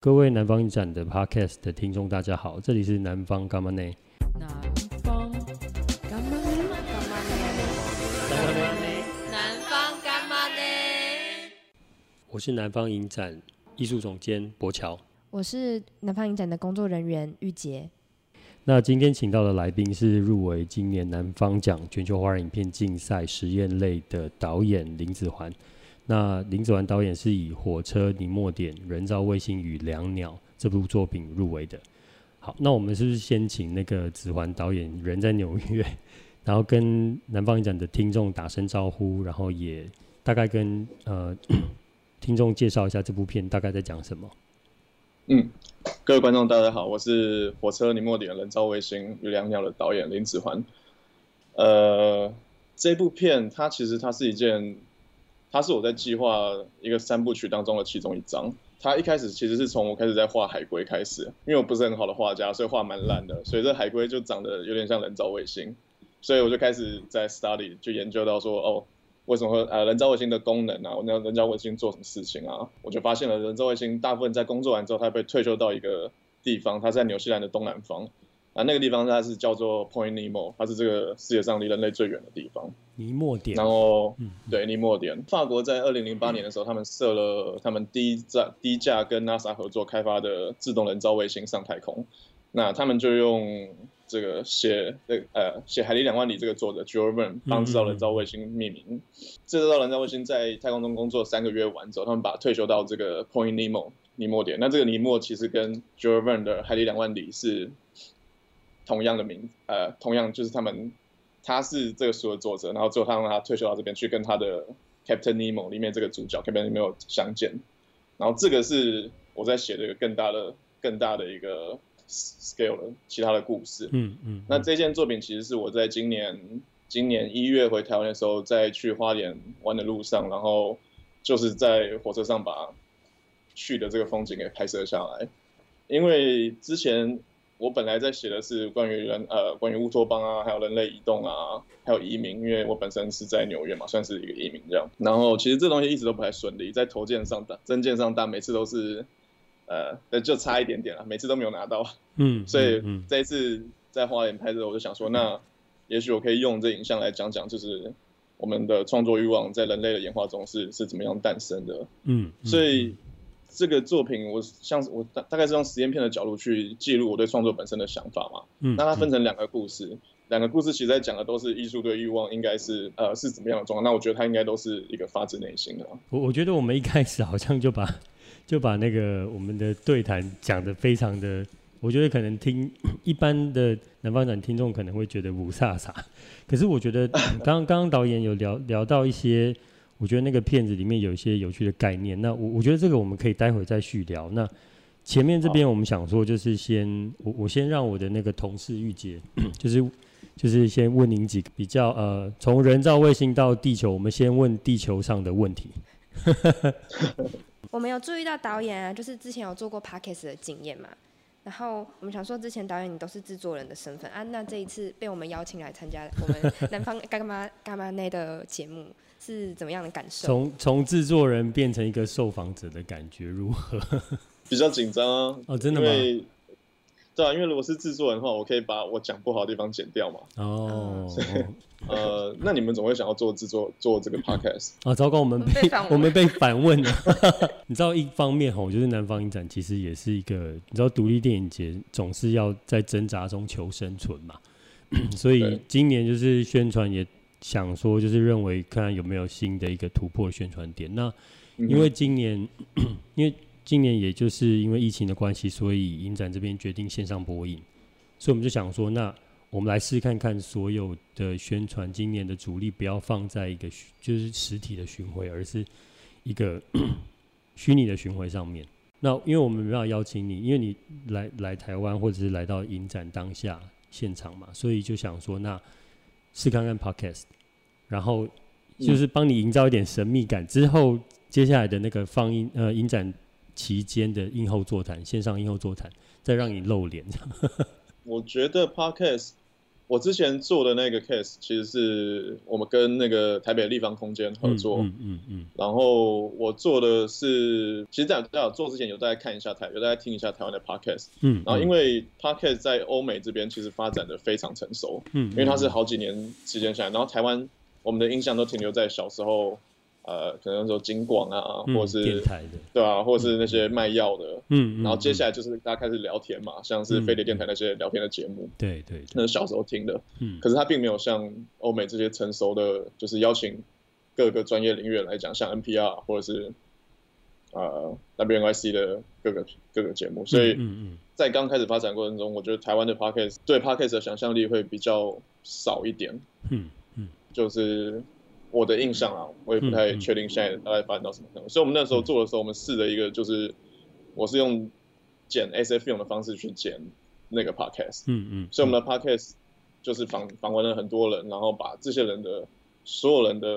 各位南方影展的 podcast 的聽眾，大家好，這裡是南方乾媽呢。南方乾媽，乾媽南方呢？我是南方影展藝術總監柏喬，我是南方影展的工作人員妤婕。那今天請到的來賓是入圍今年南方獎全球華人影片競賽實驗類的導演林子桓。那林子桓導演是以《火車》《尼莫點》《人造衛星與椋鳥》這部作品入圍的。好，那我們是不是先請那個子桓導演人在紐約，然後跟南方影展的聽眾打聲招呼，然後也大概跟呃聽眾介紹一下這部片大概在講什麼？嗯，各位觀眾大家好，我是《火車》《尼莫點》《人造衛星與椋鳥》的導演林子桓。呃，這部片它其實它是一件。它是我在計劃一個三部曲當中的其中一章。它一開始其實是從我開始在畫海龜開始，因為我不是很好的畫家，所以畫蠻爛的，所以這海龜就長得有點像人造衛星，所以我就開始在 study 就研究到說，哦，為什麼會呃人造衛星的功能啊，我那人造衛星做什麼事情啊，我就發現了人造衛星大部分在工作完之後，它被退休到一個地方，它是在紐西蘭的東南方。啊，那個地方它是叫做 Point Nemo，它是這個世界上離人類最遠的地方。尼莫點。然後，嗯、對尼莫點，法國在二零零八年的時候，嗯、他們設了他們低價低價跟 NASA 合作開發的自動人造衛星上太空。那他們就用這個寫呃寫《海底兩萬里》這個作者 Jules Verne 幫這造人造衛星命名。這、嗯嗯嗯、造人造衛星在太空中工作三個月完之後，他們把退休到這個 Point Nemo 尼莫點。那這個尼莫其實跟 Jules Verne 的《海底兩萬里》是。同樣的名，呃，同樣就是他們，他是這個書的作者，然後最後他讓他退休到這邊去，跟他的《Captain Nemo》裡面這個主角 Captain Nemo、嗯嗯嗯、相見，然後這個是我在寫的一個更大的、更大的一個 scale 的其他的故事。嗯嗯，嗯。那這件作品其實是我在今年今年一月回台灣的時候，在去花蓮玩的路上，然後就是在火車上把去的這個風景給拍攝下來，因為之前。我本來在寫的是關於人呃，關於烏托邦啊，還有人類移動啊，還有移民，因為我本身是在紐約嘛，算是一個移民這樣。然後其實這東西一直都不太順利，在投件上檔、徵件上大，每次都是呃，就差一點點了，每次都沒有拿到。嗯，所以、嗯嗯、這一次在花蓮拍攝，我就想說，那也許我可以用這影像來講講，就是我們的創作欲望在人類的演化中是是怎麼樣誕生的嗯。嗯，所以。這個作品我，我像我大大概，是用實驗片的角度去記錄我對創作本身的想法嘛。嗯，那它分成兩個故事，兩個故事其實在講的都是藝術對慾望應該是呃是怎麼樣的狀況。那我覺得它應該都是一個發自內心的。我我覺得我們一開始好像就把就把那個我們的對談講得非常的，我覺得可能聽一般的南方展聽眾可能會覺得霧煞煞，可是我覺得剛 剛剛導演有聊聊到一些。我覺得那個片子裡面有一些有趣的概念。那我我覺得這個我們可以待會再續聊。那前面這邊我們想說，就是先我我先讓我的那個同事妤婕， 就是就是先問您幾個比較呃，從人造衛星到地球，我們先問地球上的問題。 我們有注意到導演啊，就是之前有做過 Podcast 的經驗嘛。然後我們想說，之前導演你都是制作人的身份啊，那這一次被我們邀請來參加我們南方幹嘛幹嘛內的節目。 是怎麼樣的感受？從從制作人變成一個受訪者的感覺如何？ 比較緊張啊！哦，真的嗎？對啊，因為如果是制作人的話，我可以把我講不好的地方剪掉嘛。哦，呃，那你們怎麼會想要做制作做這個 podcast？嗯，啊，糟糕，我們被我們被反問，問了。 你知道，一方面吼，就是南方影展其實也是一個，你知道，獨立電影節總是要在掙扎中求生存嘛。 所以今年就是宣傳也。想說就是認為看看有沒有新的一個突破宣傳點。那因為今年、嗯， 因為今年也就是因為疫情的關係，所以影展這邊決定線上播映。所以我們就想說，那我們來試試看看所有的宣傳，今年的主力不要放在一個就是實體的巡回，而是一個虛擬 的巡回上面。那因為我們沒辦法邀請你，因為你來來台灣或者是來到影展當下現場嘛，所以就想說，那試看看 Podcast。然後就是幫你營造一點神秘感，嗯、之後接下來的那個放映呃影展期間的映後座談，線上映後座談，再讓你露臉呵呵。我覺得 Podcast，我之前做的那個 case 其實是我們跟那個台北立方空間合作，嗯嗯嗯，嗯。然後我做的是，其實在在我做之前有大家看一下台，有大家聽一下台灣的 Podcast，嗯。然後因為 Podcast 在歐美這邊其實發展得非常成熟，嗯，嗯因為它是好幾年時間下來，然後台灣。我們的印象都停留在小時候，呃，可能說警廣啊，或者是、嗯、電台的，對啊，或者是那些賣藥的，嗯，然後接下來就是大家開始聊天嘛，嗯、像是飛碟電台那些聊天的節目，對、嗯、對，那是小時候聽的，嗯，可是它並沒有像歐美這些成熟的，嗯、就是邀請各個專業領域來講，像 NPR 或者是呃 WNYC 的各個各個節目，所以，在剛開始發展過程中，我覺得台灣的 Podcast 對 Podcast 的想象力會比較少一點，嗯。就是我的印象啊，我也不太確定現在大概發展到什麼程度。嗯嗯。所以我們那時候做的時候，我們試了一個，就是我是用剪 s f m 的方式去剪那個 podcast。嗯嗯。所以我們的 podcast 就是訪訪問了很多人，然後把這些人的所有人的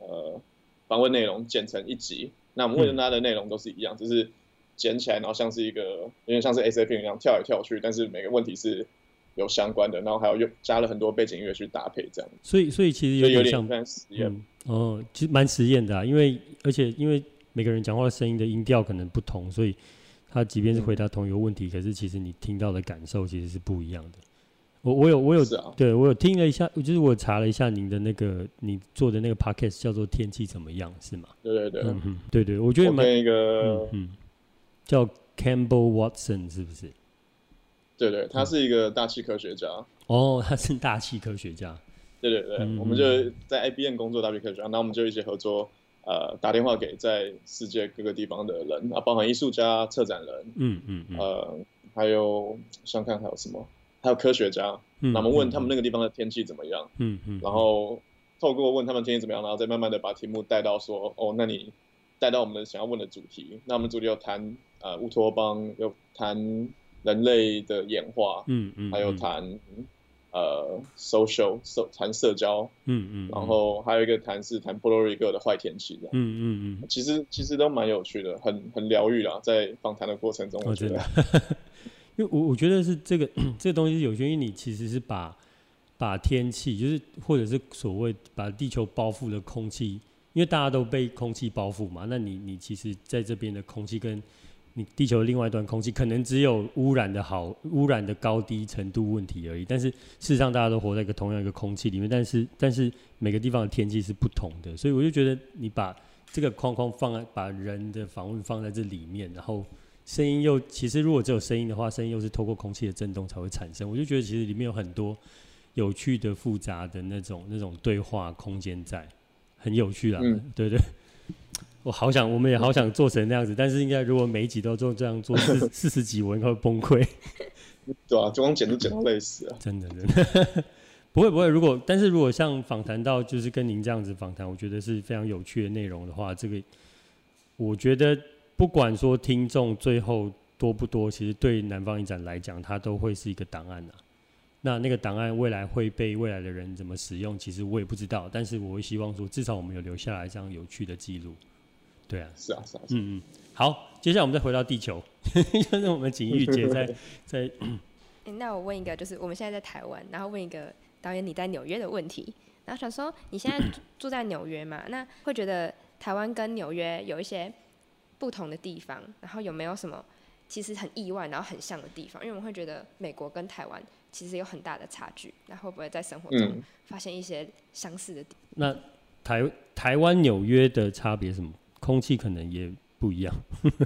呃訪問內容剪成一集。那我們問他的內容都是一樣，就是剪起來，然後像是一個有點像是 s f m 一樣跳來跳去，但是每個問題是有相關的，然後還有又加了很多背景音樂去搭配，這樣。所以，所以其實有有點像實驗。哦、嗯嗯嗯，其實蠻實驗的啊，因為而且因為每個人講話的聲音的音調可能不同，所以他即便是回答同一個問題，嗯，可是其實你聽到的感受其實是不一樣的。我我有我有，我有啊，對我有聽了一下，就是我查了一下您的那個你做的那個 Podcast 叫做“天氣怎麼樣”是嗎？對對對，嗯哼對，對對，我覺得蠻那個，嗯，叫 Campbell Watson 是不是？對對，他是一個大氣科學家。哦，他是大氣科學家。對對對，嗯、我們就在 IBM 工作，大氣科學家。那我們就一起合作，呃，打電話給在世界各個地方的人啊，包含藝術家、策展人，嗯嗯，嗯呃，還有想看還有什麼？還有科學家，那、嗯、麼問他們那個地方的天氣怎麼樣？嗯嗯。然後透過問他們天氣怎麼樣，然後再慢慢的把題目帶到說，哦，那你帶到我們的想要問的主題。那我們主題有談呃烏托邦，有談。人類的演化，嗯嗯，還有談、嗯嗯、呃 social，談社交，嗯嗯，然後還有一個談是談 polar region 的壞天氣的，嗯嗯嗯，嗯，嗯，其實其實都蠻有趣的，很很療癒啦，在訪談的過程中，我覺得、哦， 因為我我覺得是這個 這個東西是有趣，因為你其實是把把天氣，就是或者是所謂把地球包覆的空氣，因為大家都被空氣包覆嘛，那你你其實在這邊的空氣跟。你地球另外一段空氣可能只有污染的好污染的高低程度問題而已，但是事實上大家都活在一個同樣一個空氣裡面，但是但是每個地方的天氣是不同的，所以我就覺得你把這個框框放在，把人的訪問放在這裡面，然後聲音又其實如果只有聲音的話，聲音又是透過空氣的震動才會產生，我就覺得其實裡面有很多有趣的複雜的那種那種對話空間在，很有趣的啊，嗯，對對對。我好想，我們也好想做成那樣子， 但是應該如果每一集都做這樣做四 四十集，我應該會崩潰，對啊，中央剪都整到累死了。真的，真的 不會不會。如果但是如果像訪談到就是跟您這樣子訪談，我覺得是非常有趣的內容的話，這個我覺得不管說聽眾最後多不多，其實對南方影展來講，它都會是一個檔案啊。那那個檔案未來會被未來的人怎麼使用，其實我也不知道。但是我會希望說，至少我們有留下來這樣有趣的記錄。對啊，是啊，是啊，嗯、啊、嗯，好，接下來我們再回到地球， 就是我們妤婕姐在 在，在、 欸。那我問一個，就是我們現在在台灣，然後問一個導演你在紐約的問題，然後想說你現在住在紐約嘛？那會覺得台灣跟紐約有一些不同的地方，然後有沒有什麼其實很意外然後很像的地方？因為我們會覺得美國跟台灣其實有很大的差距，那會不會在生活中發現一些相似的點、嗯？那台台灣紐約的差別什麼？空氣可能也不一樣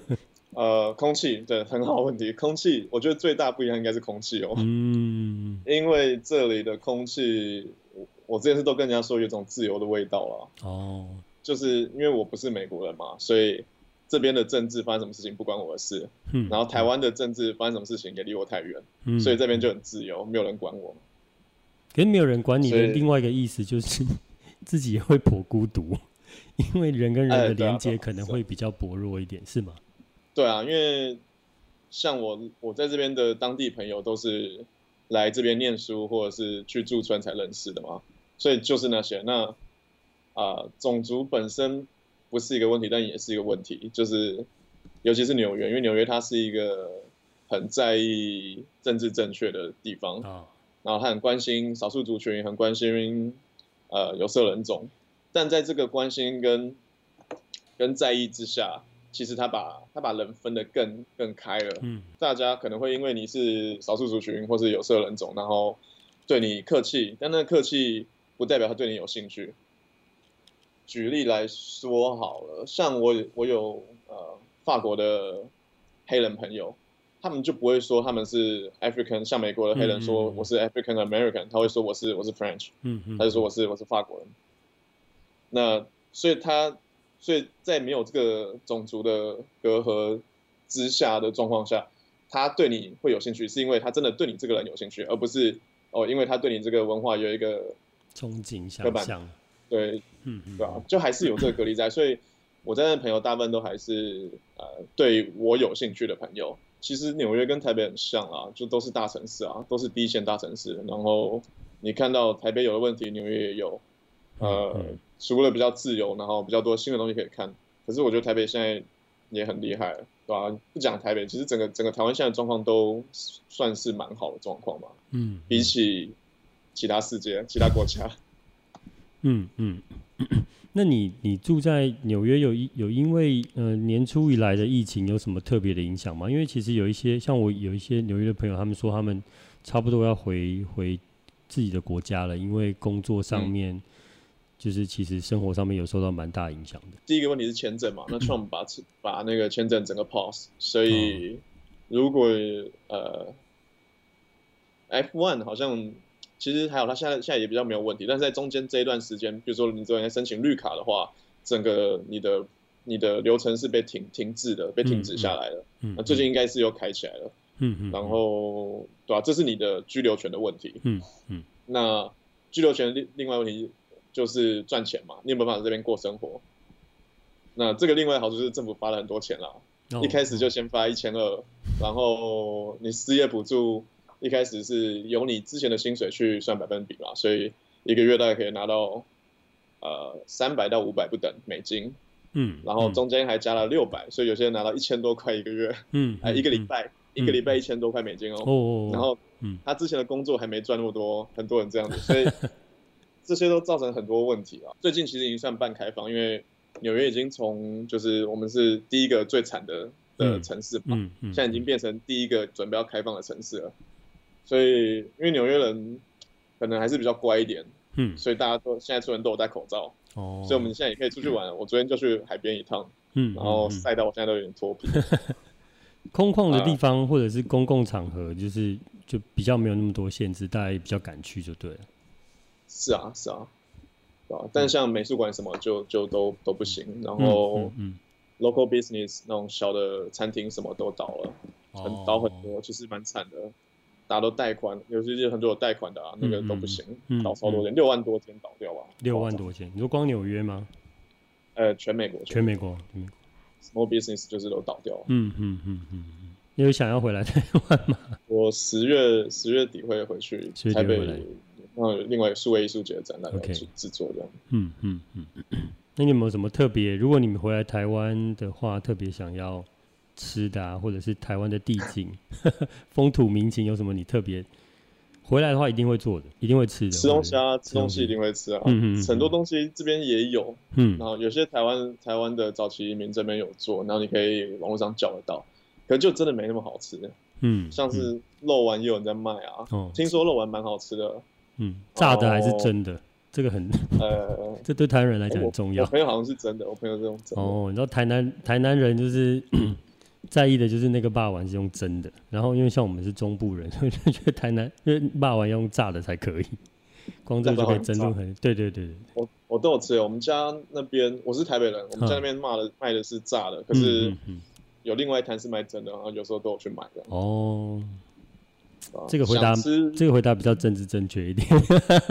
呃，空氣，對，很好問題，空氣我覺得最大不一樣應該是空氣哦，喔，嗯，因為這裡的空氣，我我這次都跟人家說有種自由的味道了，哦，就是因為我不是美國人嘛，所以這邊的政治發生什麼事情不關我的事，嗯，然後台灣的政治發生什麼事情也離我太遠，嗯，所以這邊就很自由，沒有人管我嘛，跟沒有人管你的，所以另外一個意思就是自己也會頗孤獨。 因為人跟人的連接可能會比較薄弱一點。哎啊，是嗎？對啊，因為像我我在這邊的當地朋友都是來這邊念書或者是去駐村才認識的嘛，所以就是那些那啊、呃、種族本身不是一個問題，但也是一個問題，就是尤其是紐約，因為紐約它是一個很在意政治正確的地方啊。哦，然後他很關心少數族群，很關心呃有色人種。但在這個關心跟跟在意之下，其實他把他把人分得更更開了。嗯，大家可能會因為你是少數族群或是有色人種，然後對你客氣，但那客氣不代表他對你有興趣。舉例來說，好了，像我我有呃法國的黑人朋友，他們就不會說他們是 African，像美國的黑人說我是 African American，嗯嗯嗯，他會說我是我是 French，嗯，嗯，他就說我是我是法國人。那所以他，所以在沒有這個種族的隔閡之下的狀況下，他對你會有興趣，是因為他真的對你這個人有興趣，而不是哦，因為他對你這個文化有一個憧憬想，對，嗯嗯，對吧、啊？就還是有這個隔離在。所以我在那邊的朋友大部分都還是、嗯、呃對我有興趣的朋友。其實紐約跟台北很像啊，就都是大城市啊，都是第一線大城市。然後你看到台北有了問題，紐約也有。呃、嗯，除了比較自由，然後比較多新的東西可以看，可是我覺得台北現在也很厲害，對吧、啊？不講台北，其實整個整個台灣現在的狀況都算是蠻好的狀況嘛。嗯，比起其他世界、其他國家。嗯嗯咳咳。那你你住在紐約有有因為呃年初以來的疫情有什麼特別的影響嗎？因為其實有一些像我有一些紐約的朋友，他們說他們差不多要回回自己的國家了，因為工作上面。嗯。就是其實生活上面有受到蠻大影響的。第一個問題是簽證嘛，那 Trump 把 把那個簽證整個 pause，所以如果、哦、呃 F one 好像其實還好他下，他現在現在也比較沒有問題。但是在中間這一段時間，比如說你昨天申請綠卡的話，整個你的你的流程是被停停滯的，被停止下來了。嗯嗯。那最近應該是又開起來了。嗯嗯。然後對啊，這是你的居留權的問題。嗯嗯。那居留權另另外問題就是賺錢嘛，你有沒有辦法在這邊過生活。那這個另外一個好處是政府發了很多錢了，oh. 一開始就先發一千二，然後你失業補助一開始是由你之前的薪水去算百分比嘛，所以一個月大概可以拿到呃三百到五百不等美金，嗯、mm -hmm.，然後中間還加了六百，所以有些人拿到一千多塊一個月，嗯、mm -hmm. 呃，還、mm -hmm. 一個禮拜、mm -hmm. 一個禮拜一千多塊美金哦，oh. 然後他之前的工作還沒賺那麼多，很多人這樣子，所以。 這些都造成很多問題啊！最近其實已經算半開放，因為紐約已經從就是我們是第一個最慘的的城市，吧、嗯嗯嗯，現在已經變成第一個準備要開放的城市了。所以，因為紐約人可能還是比較乖一點，嗯，所以大家都現在出門都有戴口罩，哦，所以我們現在也可以出去玩。嗯、我昨天就去海邊一趟，嗯，然後曬到我現在都有點脫皮。 空曠的地方或者是公共場合，就是、啊、就比較沒有那麼多限制，大家比較敢去就對了。是啊，是啊，是啊，但像美術館什麼就，就就都都不行。然後，local business 那種小的餐廳什麼都倒了，很倒很多，哦、其實蠻慘的。大家都貸款，尤其是很多有貸款的啊，那個都不行，嗯、倒超多店、嗯嗯，六萬多間倒掉啊，六萬多間。如、哦、果光紐約嗎？呃，全美國，全美國、嗯、，Small business 就是都倒掉了。嗯嗯嗯嗯，嗯，你想要回來台灣嗎？ 我十月十月底會回去，回台北。然後另外有個數位藝術節的展覽可以去制作的、okay. 嗯嗯嗯，嗯。那你有沒有什麼特別？如果你們回來台灣的話，特別想要吃的啊，或者是台灣的地景、 風土民情，有什麼你特別回來的話，一定會做的，一定會吃的。吃東西啊，吃東西一定會吃啊。嗯，嗯，嗯，嗯，很多東西這邊也有。嗯。然後有些台灣台灣的早期移民這邊有做，然後你可以網絡上叫得到。可是就真的沒那麼好吃。嗯，嗯。像是肉丸，也有人在賣啊。哦、聽說肉丸蠻好吃的。嗯，炸的還是蒸的？哦、這個很呃， 這對臺灣人來講很重要我。我朋友好像是蒸的，我朋友是用蒸的哦，你知道台南台南人就是 在意的就是那個霸丸是用蒸的，然後因為像我們是中部人，就覺得台南因為霸丸要用炸的才可以，光就可以蒸這會珍珠很對,對對對，我我都有吃，我們家那邊我是台北人，啊、我們家那邊賣的賣的是炸的，可是有另外一攤是賣蒸的，然後有時候都有去買的嗯嗯嗯、嗯、哦。啊、這個回答，這個回答比較政治正確一點，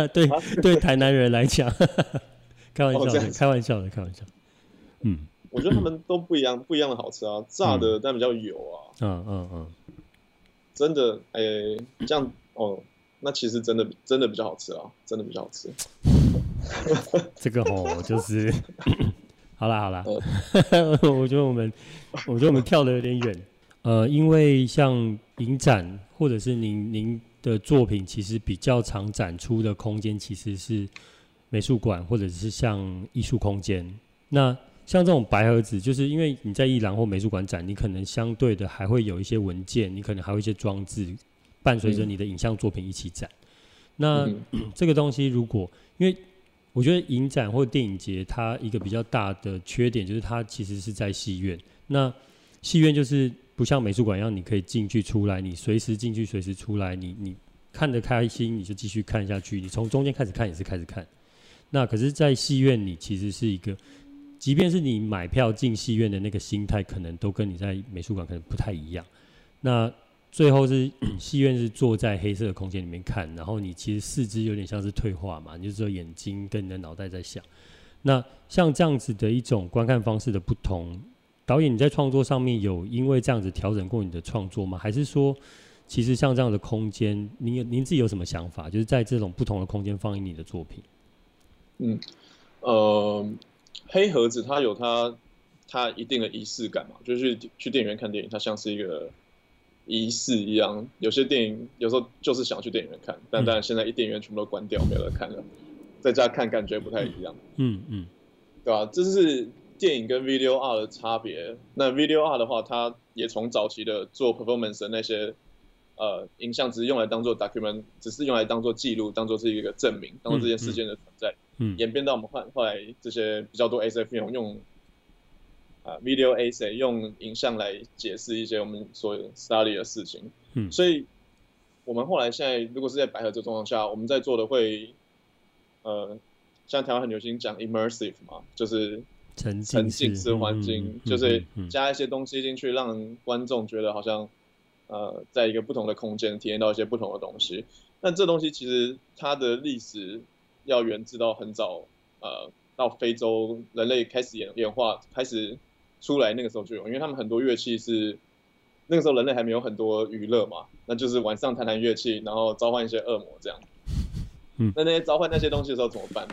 對、啊、 對， 對台南人來講， 開玩笑的，哦，開玩笑的，開玩笑。嗯，我覺得他們都不一樣，不一樣的好吃啊，炸的但比較油啊。嗯嗯嗯，嗯，真的，誒、欸，這樣哦，那其實真的真的比較好吃啊，真的比較好吃。 這個好、哦、就是 好啦好啦，嗯， 我覺得我們我覺得我們跳的有點遠， 呃，因為像影展。或者是您您的作品其實比較常展出的空間其實是美術館，或者是像藝術空間。那像這種白盒子，就是因為你在藝廊或美術館展，你可能相對的還會有一些文件，你可能還有一些裝置伴隨着你的影像作品一起展。那這個東西，如果因為我覺得影展或電影節，它一個比較大的缺點就是它其實是在戲院。那戲院就是。不像美術館一樣，你可以進去出來，你隨時進去隨時出來，你你看得開心你就繼續看下去，你從中間開始看也是開始看。那可是，在戲院你其實是一個，即便是你買票進戲院的那個心態，可能都跟你在美術館可能不太一樣。那最後是戲院是坐在黑色的空間裡面看，然後你其實四肢有點像是退化嘛，你就只有眼睛跟你的腦袋在想。那像這樣子的一種觀看方式的不同。導演，你在創作上面有因為這樣子調整過你的創作嗎？還是說，其實像這樣的空間，您您自己有什麼想法？就是在這種不同的空間放映你的作品。嗯，呃，黑盒子它有它它一定的儀式感嘛，就是去，去電影院看電影，它像是一個儀式一樣。有些電影有時候就是想去電影院看，但但現在一電影院全部都關掉，沒有看了，在家看感覺不太一樣。嗯嗯，對吧、啊？這是。電影跟 video art 的差別，那 video art 的話，它也從早期的做 performance 的那些呃影像，只是用來當做 document，只是用來當做記錄，當做是一個證明，當做這些事件的存在，嗯，嗯，演變到我們後來後來，這些比較多 s a 用用啊、呃、video essay 用影像來解釋一些我們所 study 的事情，嗯，所以我們後來現在如果是在白盒這狀況下，我們在做的會呃，像台灣很流行講 immersive 嘛，就是。沉浸式環境，嗯，就是加一些東西進去，讓觀眾覺得好像，嗯嗯，呃，在一個不同的空間體驗到一些不同的東西。但這東西其實它的歷史要源自到很早，呃，到非洲人類開始演演化開始出來，那個時候就有，因為他們很多樂器是那個時候人類還沒有很多娛樂嘛，那就是晚上彈彈樂器，然後召喚一些惡魔這樣。嗯，那那些召喚那些東西的時候怎麼辦？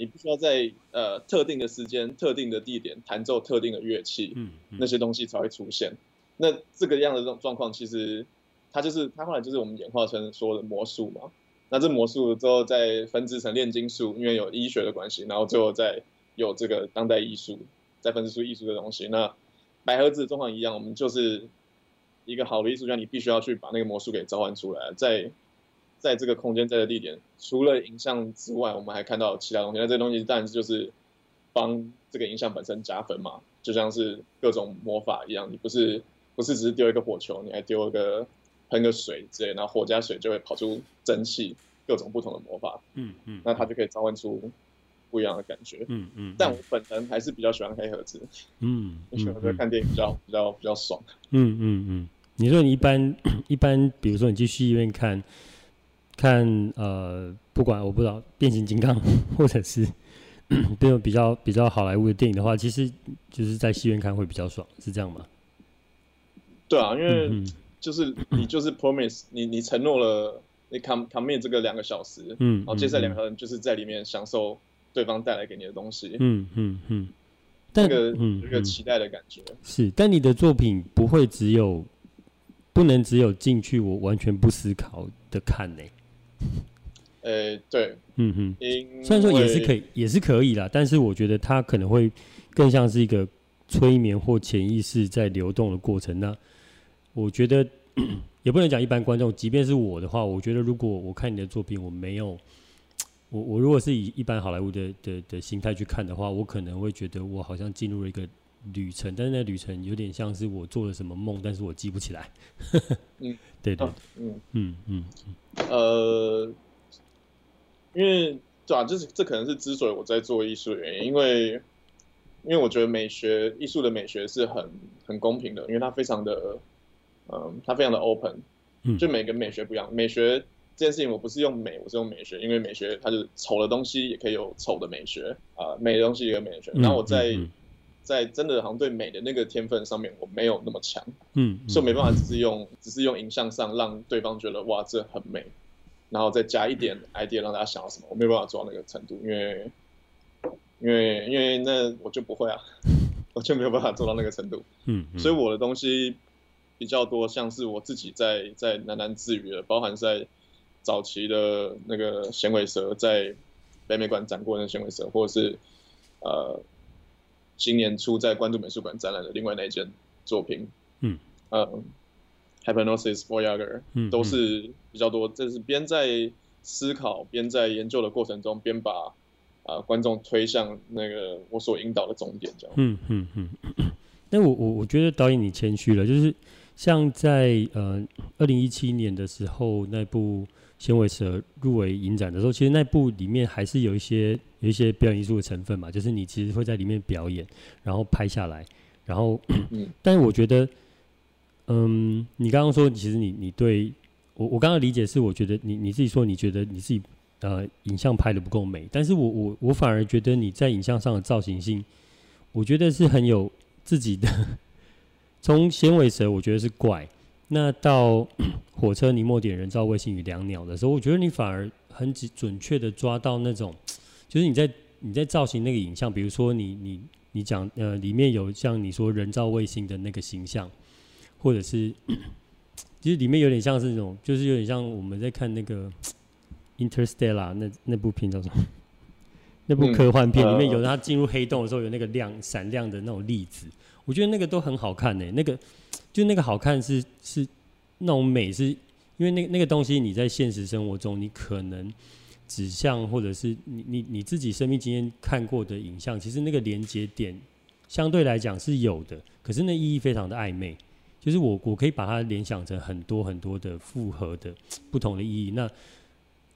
你不需要在呃特定的時間、特定的地點彈奏特定的樂器、嗯嗯，那些東西才會出現。那這個樣的這種狀況，其實它就是它後來就是我們演化成說的魔術嘛。那這魔術之後再分支成煉金術，因為有醫學的關係，然後最後再有這個當代藝術，再分支出藝術的東西。那白盒子的狀況一樣，我們就是一個好的藝術家，你必須要去把那個魔術給召喚出來，在。在這個空間，在的地點，除了影像之外，我們還看到其他東西。那這東西當然就是幫這個影像本身加分嘛，就像是各種魔法一樣。你不是不是只是丟一個火球，你還丟一個噴個水之類，然後火加水就會跑出蒸汽，各種不同的魔法。嗯嗯，那它就可以召喚出不一樣的感覺。嗯嗯，但我本人還是比較喜歡黑盒子。嗯，我喜歡看電影比較比較比較爽。嗯嗯嗯，嗯，你說你一般一般，比如說你去戲院看。看呃、，不管我不知道變形金剛，或者是 比較比較好萊塢的電影的話，其實就是在戲院看會比較爽，是這樣嗎？對啊，因為就是你就是 promise 你你承諾了你 com commit 這個兩個小時，嗯，然後接下來兩個人就是在裡面享受對方帶來給你的東西，嗯嗯嗯，那個，嗯，那個一個期待的感覺是，但你的作品不會只有不能只有進去我完全不思考的看呢、欸。呃，對，嗯哼，雖然說也是可以，也是可以啦，但是我覺得它可能會更像是一個催眠或潛意識在流動的過程啊。那我覺得也不能講一般觀眾，即便是我的話，我覺得如果我看你的作品，我沒有，我我如果是以一般好萊塢的的的心態去看的話，我可能會覺得我好像進入了一個。旅程，但是那旅程有點像是我做了什麼夢，但是我記不起來。呵呵嗯，對對對、哦，嗯嗯嗯嗯，呃，因為對啊，就是這可能是之所以我在做藝術的原因，因為因為我覺得美學藝術的美學是很很公平的，因為它非常的嗯，它非常的 open，就每個美學不一樣。嗯、美學這件事情，我不是用美，我是用美學，因為美學它就是醜的東西也可以有醜的美學啊、呃，美的東西也有美學。然後我在。嗯嗯嗯在真的好像對美的那個天分上面，我沒有那麼強，嗯，嗯，所以我沒辦法，只是用只是用影像上讓對方覺得哇，這很美，然後再加一點 idea 讓大家想到什麼，我沒有辦法做到那個程度，因為因為因為那我就不會啊， 我就沒有辦法做到那個程度，嗯，嗯，所以我的東西比較多，像是我自己在在喃喃自語的，包含在早期的那個響尾蛇，在北美館展過的那個響尾蛇，或者是呃。今年初在關渡美術館展覽的另外那一件作品，嗯，呃、uh、Hypnosis Voyager、嗯嗯，都是比較多。這是邊在思考，邊在研究的過程中，邊把啊，呃、觀眾推向那個我所引導的終點，這樣。嗯嗯嗯。 那我我我覺得導演你謙虛了，就是像在呃二零一七年的時候那部，纖維蛇入圍影展的時候，其實那部裡面還是有一些有一些表演藝術的成分嘛，就是你其實會在裡面表演，然後拍下來，然後，嗯、但是我覺得，嗯，你剛剛說其實你你對我我剛剛理解是，我覺得你你自己說你覺得你自己呃影像拍得不夠美，但是我我我反而覺得你在影像上的造型性，我覺得是很有自己的。從纖維蛇，我覺得是怪。那到火車、尼莫點、人造衛星與椋鳥的時候，我覺得你反而很準確的抓到那種，就是你在你在造型那個影像，比如說你你你講呃，裡面有像你說人造衛星的那個形象，或者是其實裡面有點像是那種，就是有點像我們在看那個《Interstellar》那那部片叫什麼？那部科幻片、嗯、裡面有他進入黑洞的時候有那個亮閃亮的那種粒子，我覺得那個都很好看呢、欸，那個。就那個好看是是那種美，是因為那那個東西你在現實生活中，你可能指向或者是你你你自己生命經驗看過的影像，其實那個連接點相對來講是有的，可是那意義非常的曖昧。就是我我可以把它聯想成很多很多的複合的不同的意義。那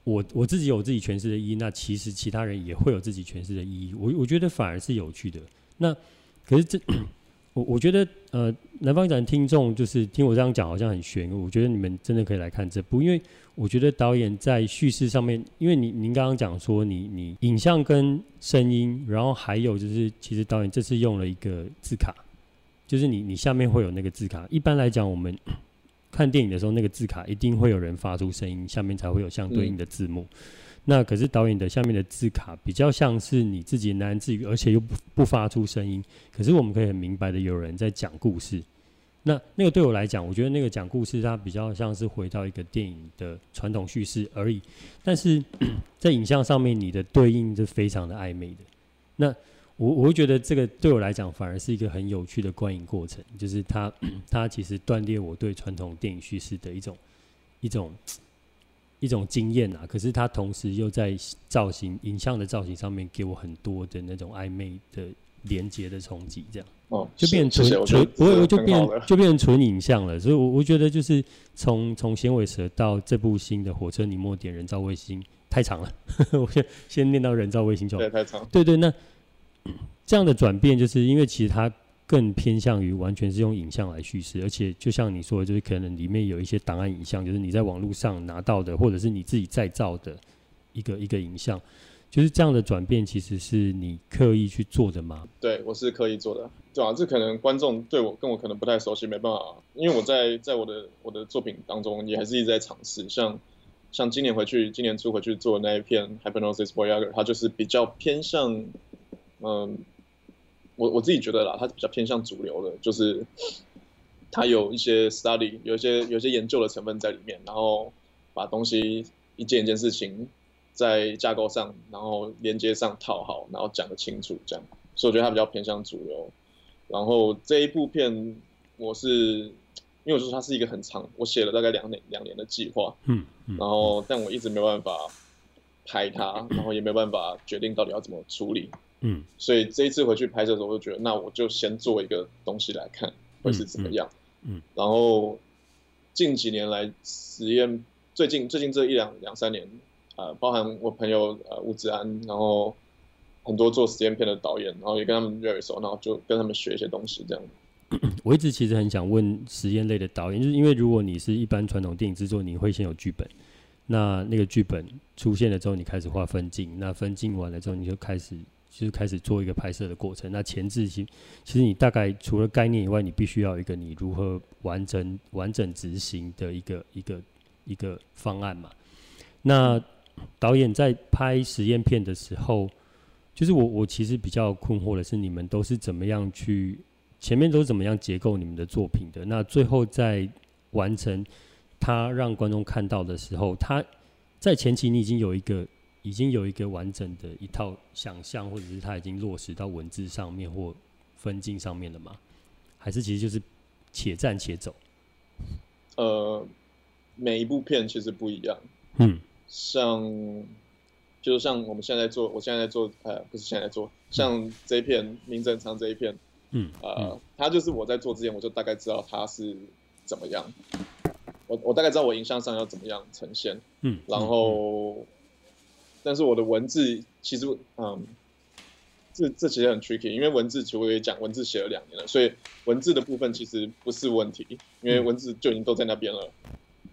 我我自己有自己詮釋的意義，那其實其他人也會有自己詮釋的意義。我我覺得反而是有趣的。那可是這。 我我覺得，呃，南方展聽眾就是聽我這樣講，好像很玄。我覺得你們真的可以來看這部，因為我覺得導演在敘事上面，因為你您剛剛講說你，你你影像跟聲音，然後還有就是，其實導演這次用了一個字卡，就是你你下面會有那個字卡。一般來講，我們看電影的時候，那個字卡一定會有人發出聲音，下面才會有相對應的字幕。嗯那可是導演的下面的字卡比較像是你自己喃喃自語，而且又不不發出聲音。可是我們可以很明白的有人在講故事。那那個對我來講，我覺得那個講故事它比較像是回到一個電影的傳統敘事而已。但是在影像上面，你的對應是非常的曖昧的。那我我會覺得這個對我來講反而是一個很有趣的觀影過程，就是它它其實斷裂我對傳統電影敘事的一種一種。一種經驗啊，可是它同時又在造型、影像的造型上面給我很多的那種曖昧的連接的衝擊，這樣，哦，就變成純，我為就，就變就變成純影像了，所以我我覺得就是從從纖維蛇到這部新的火車尼莫點人造衛星，太長了， 我先先念到人造衛星就好，對，太長了，對對，對那，那、嗯、這樣的轉變就是因為其實他更偏向於完全是用影像來敘事，而且就像你說的，就是可能裡面有一些檔案影像，就是你在網絡上拿到的，或者是你自己再造的一個一個影像，就是這樣的轉變，其實是你刻意去做的嗎？對，我是刻意做的，對啊，這可能觀眾對我跟我可能不太熟悉，沒辦法，因為我在在我的我的作品當中也還是一直在嘗試，像像今年回去今年初回去做的那一片 Hypnosis Voyager 它就是比較偏向嗯。我我自己覺得啦，它是比較偏向主流的，就是它有一些 study 有一些有一些研究的成分在裡面，然後把東西一件一件事情在架構上，然後連接上套好，然後講得清楚這樣。所以我覺得它比較偏向主流。然後這一部片我是因為我說它是一個很長，我寫了大概兩年兩年的計劃，嗯，嗯。然後但我一直沒辦法拍它，然後也沒辦法決定到底要怎麼處理。嗯，所以這一次回去拍攝的時候，我就覺得，那我就先做一個東西來看，會是怎麼樣嗯。嗯，然後近幾年來實驗，最近最近這一兩兩三年，呃，包含我朋友呃吳子安，然後很多做實驗片的導演，然後也跟他們 research，然後就跟他們學一些東西這樣。我一直其實很想問實驗類的導演，就是因為如果你是一般傳統電影制作，你會先有劇本，那那個劇本出現了之後，你開始畫分鏡，那分鏡完了之後，你就開始。就是開始做一個拍攝的過程。那前置性，其實你大概除了概念以外，你必須要一個你如何完成、完整執行的一個一個一個方案嘛？那導演在拍實驗片的時候，就是我我其實比較困惑的是，你們都是怎麼樣去前面都是怎麼樣結構你們的作品的？那最後在完成他讓觀眾看到的時候，他在前期你已經有一個。已經有一個完整的一套想象或者是它已經落實到文字上面或分鏡上面了嗎？還是其實就是且戰且走？呃，每一部片其實不一樣。嗯，像，就是像我們現在，在做，我現在，在做，呃，不是現在，在做，像這一片《嗯、名偵探》這一片，呃、嗯，呃，它就是我在做之前，我就大概知道它是怎麼樣。我我大概知道我影像上要怎麼樣呈現。嗯，然後。嗯但是我的文字其實，嗯，這這其實很 tricky，因為文字其實我也講，文字寫了兩年了，所以文字的部分其實不是問題，因為文字就已經都在那邊了。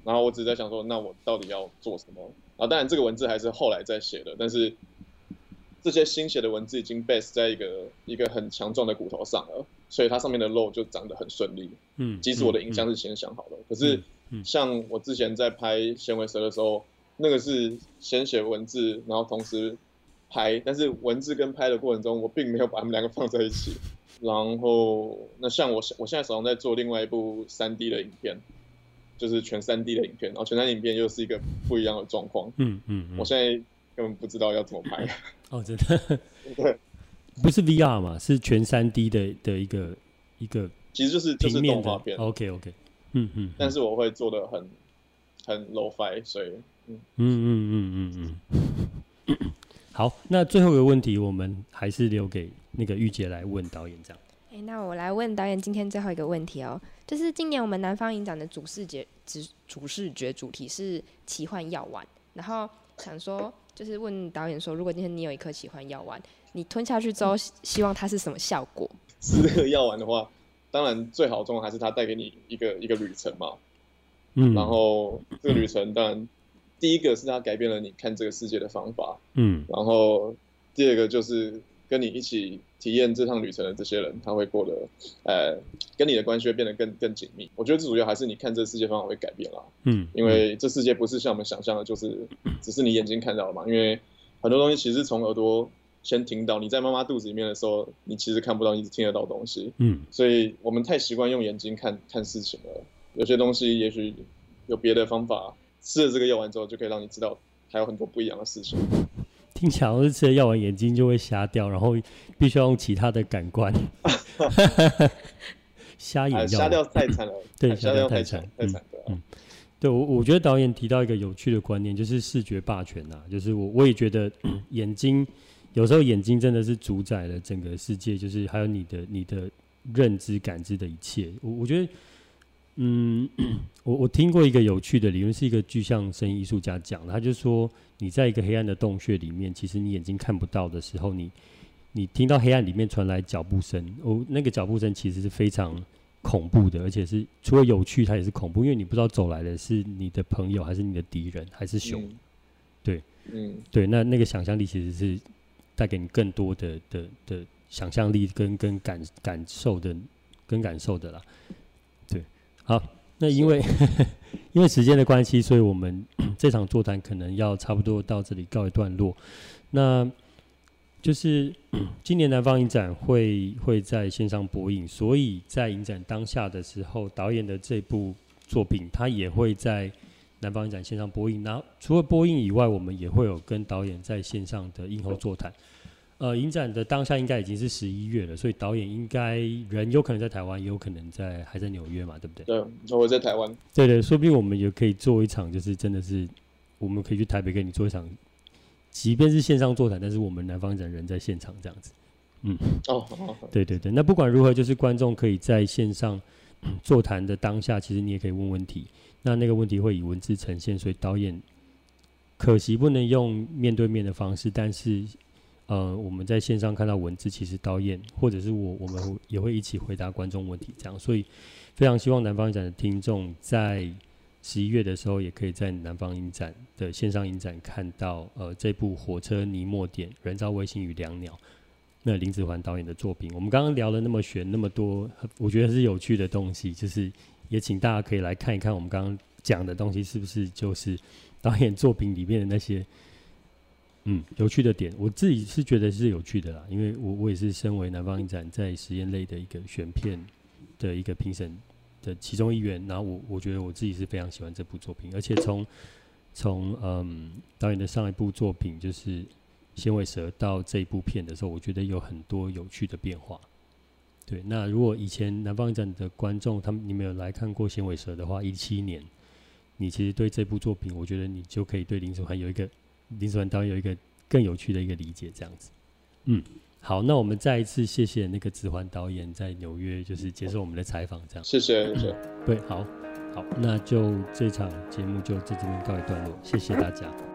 然後我只是在想說，那我到底要做什麼？啊，當然這個文字還是後來在寫的，但是這些新寫的文字已經 base 在一個一個很強壯的骨頭上了，所以它上面的肉就長得很順利。嗯，即使我的影像是先想好的，嗯嗯嗯嗯，可是像我之前在拍《纖維蛇》的時候。那個是先寫文字，然後同時拍，但是文字跟拍的過程中，我並沒有把它們兩個放在一起。然後，那像我我現在手上在做另外一部三 D 的影片，就是全三 D 的影片，然後全三 D 影片又是一個不一樣的狀況。嗯嗯，嗯，我現在根本不知道要怎麼拍。哦，真的， 不是 VR 嘛，是全三 D 的的一個一個平面的，其實就是就是動畫片，哦，OK OK，嗯嗯，但是我會做的很很 lo-fi，所以。嗯嗯嗯嗯嗯， 嗯嗯嗯嗯 好，那最後一個問題，我們還是留給那個妤婕來問導演這樣。哎、欸，那我來問導演，今天最後一個問題哦、喔，就是今年我們南方影展的主視覺主主視覺主題是奇幻藥丸，然後想說就是問導演說，如果今天你有一顆奇幻藥丸，你吞下去之後、嗯，希望它是什麼效果？吃這個藥丸的話，當然最好中還是它帶給你一個一個旅程嘛。嗯、啊，然後這個旅程當然、嗯。嗯第一個是它改變了你看這個世界的方法，嗯，然後第二個就是跟你一起體驗這趟旅程的這些人，他會過得，呃，跟你的關係會變得更更緊密。我覺得最主要還是你看這個世界方法會改變了，嗯，因為這世界不是像我們想象的，就是只是你眼睛看到的嘛。因為很多東西其實從耳朵先聽到，你在媽媽肚子裡面的時候，你其實看不到，你只聽得到東西，嗯，所以我們太習慣用眼睛看看事情了，有些東西也許有別的方法。吃了這個藥丸之後，就可以讓你知道還有很多不一樣的事情。聽起來我是吃了藥丸，眼睛就會瞎掉，然後必須要用其他的感官。瞎眼藥，瞎掉太慘了，啊。對，瞎掉太慘，太慘，嗯。對，啊嗯，對我我覺得導演提到一個有趣的觀念，就是視覺霸權，啊，就是我我也覺得，嗯嗯，眼睛有時候眼睛真的是主宰了整個世界，就是還有你的你的認知感知的一切。我我覺得。嗯，我我聽過一個有趣的理論，是一個具象聲音藝術家講的。他就說，你在一個黑暗的洞穴裡面，其實你眼睛看不到的時候，你你聽到黑暗裡面傳來腳步聲，哦，那個腳步聲其實是非常恐怖的，而且是除了有趣，它也是恐怖，因為你不知道走來的是你的朋友，還是你的敵人，還是熊，嗯、對、嗯，對，那那個想象力其實是帶給你更多的的的想象力跟跟感感受的跟感受的啦。好，那因為 因為時間的關係，所以我們這場座談可能要差不多到這裡告一段落。那就是今年南方影展會會在線上播映，所以在影展當下的時候，導演的這部作品他也會在南方影展線上播映。那除了播映以外，我們也會有跟導演在線上的映後座談。哦呃，影展的當下應該已經是十一月了，所以導演應該人有可能在台灣，也有可能在還在紐約嘛，對不對？對，我在台灣。對對，說不定我們也可以做一場，就是真的是我們可以去台北跟你做一場，即便是線上座談，但是我們南方展人，人在現場這樣子。嗯，哦哦，對對對，那不管如何，就是觀眾可以在線上座談的當下，其實你也可以問問題。那那個問題會以文字呈現，所以導演可惜不能用面對面的方式，但是。呃，我們在線上看到文字，其實導演或者是我，我們也會一起回答觀眾問題，這樣。所以非常希望南方影展的聽眾在十一月的時候，也可以在南方影展的線上影展看到呃這部《火車、尼莫點、人造衛星與椋鳥》，那林子桓導演的作品。我們剛剛聊了那麼玄那麼多，我覺得是有趣的東西，就是也請大家可以來看一看我們剛剛講的東西是不是就是導演作品裡面的那些。嗯，有趣的點，我自己是覺得是有趣的啦，因為我我也是身為南方影展在實驗類的一個選片的一個評審的其中一員，然後我我覺得我自己是非常喜歡這部作品，而且從從嗯導演的上一部作品就是《纖維蛇》到這部片的時候，我覺得有很多有趣的變化。對，那如果以前南方影展的觀眾他們你沒有來看過《纖維蛇》的話，一七年，你其實對這部作品，我覺得你就可以對林子桓有一個。林子桓導演有一個更有趣的一個理解，這樣子。嗯，好，那我們再一次謝謝那個子桓導演在紐約就是接受我們的採訪，這樣、嗯嗯。謝謝，謝、嗯、謝。對，好，好，那就這場節目就在這邊告一段落，謝謝大家。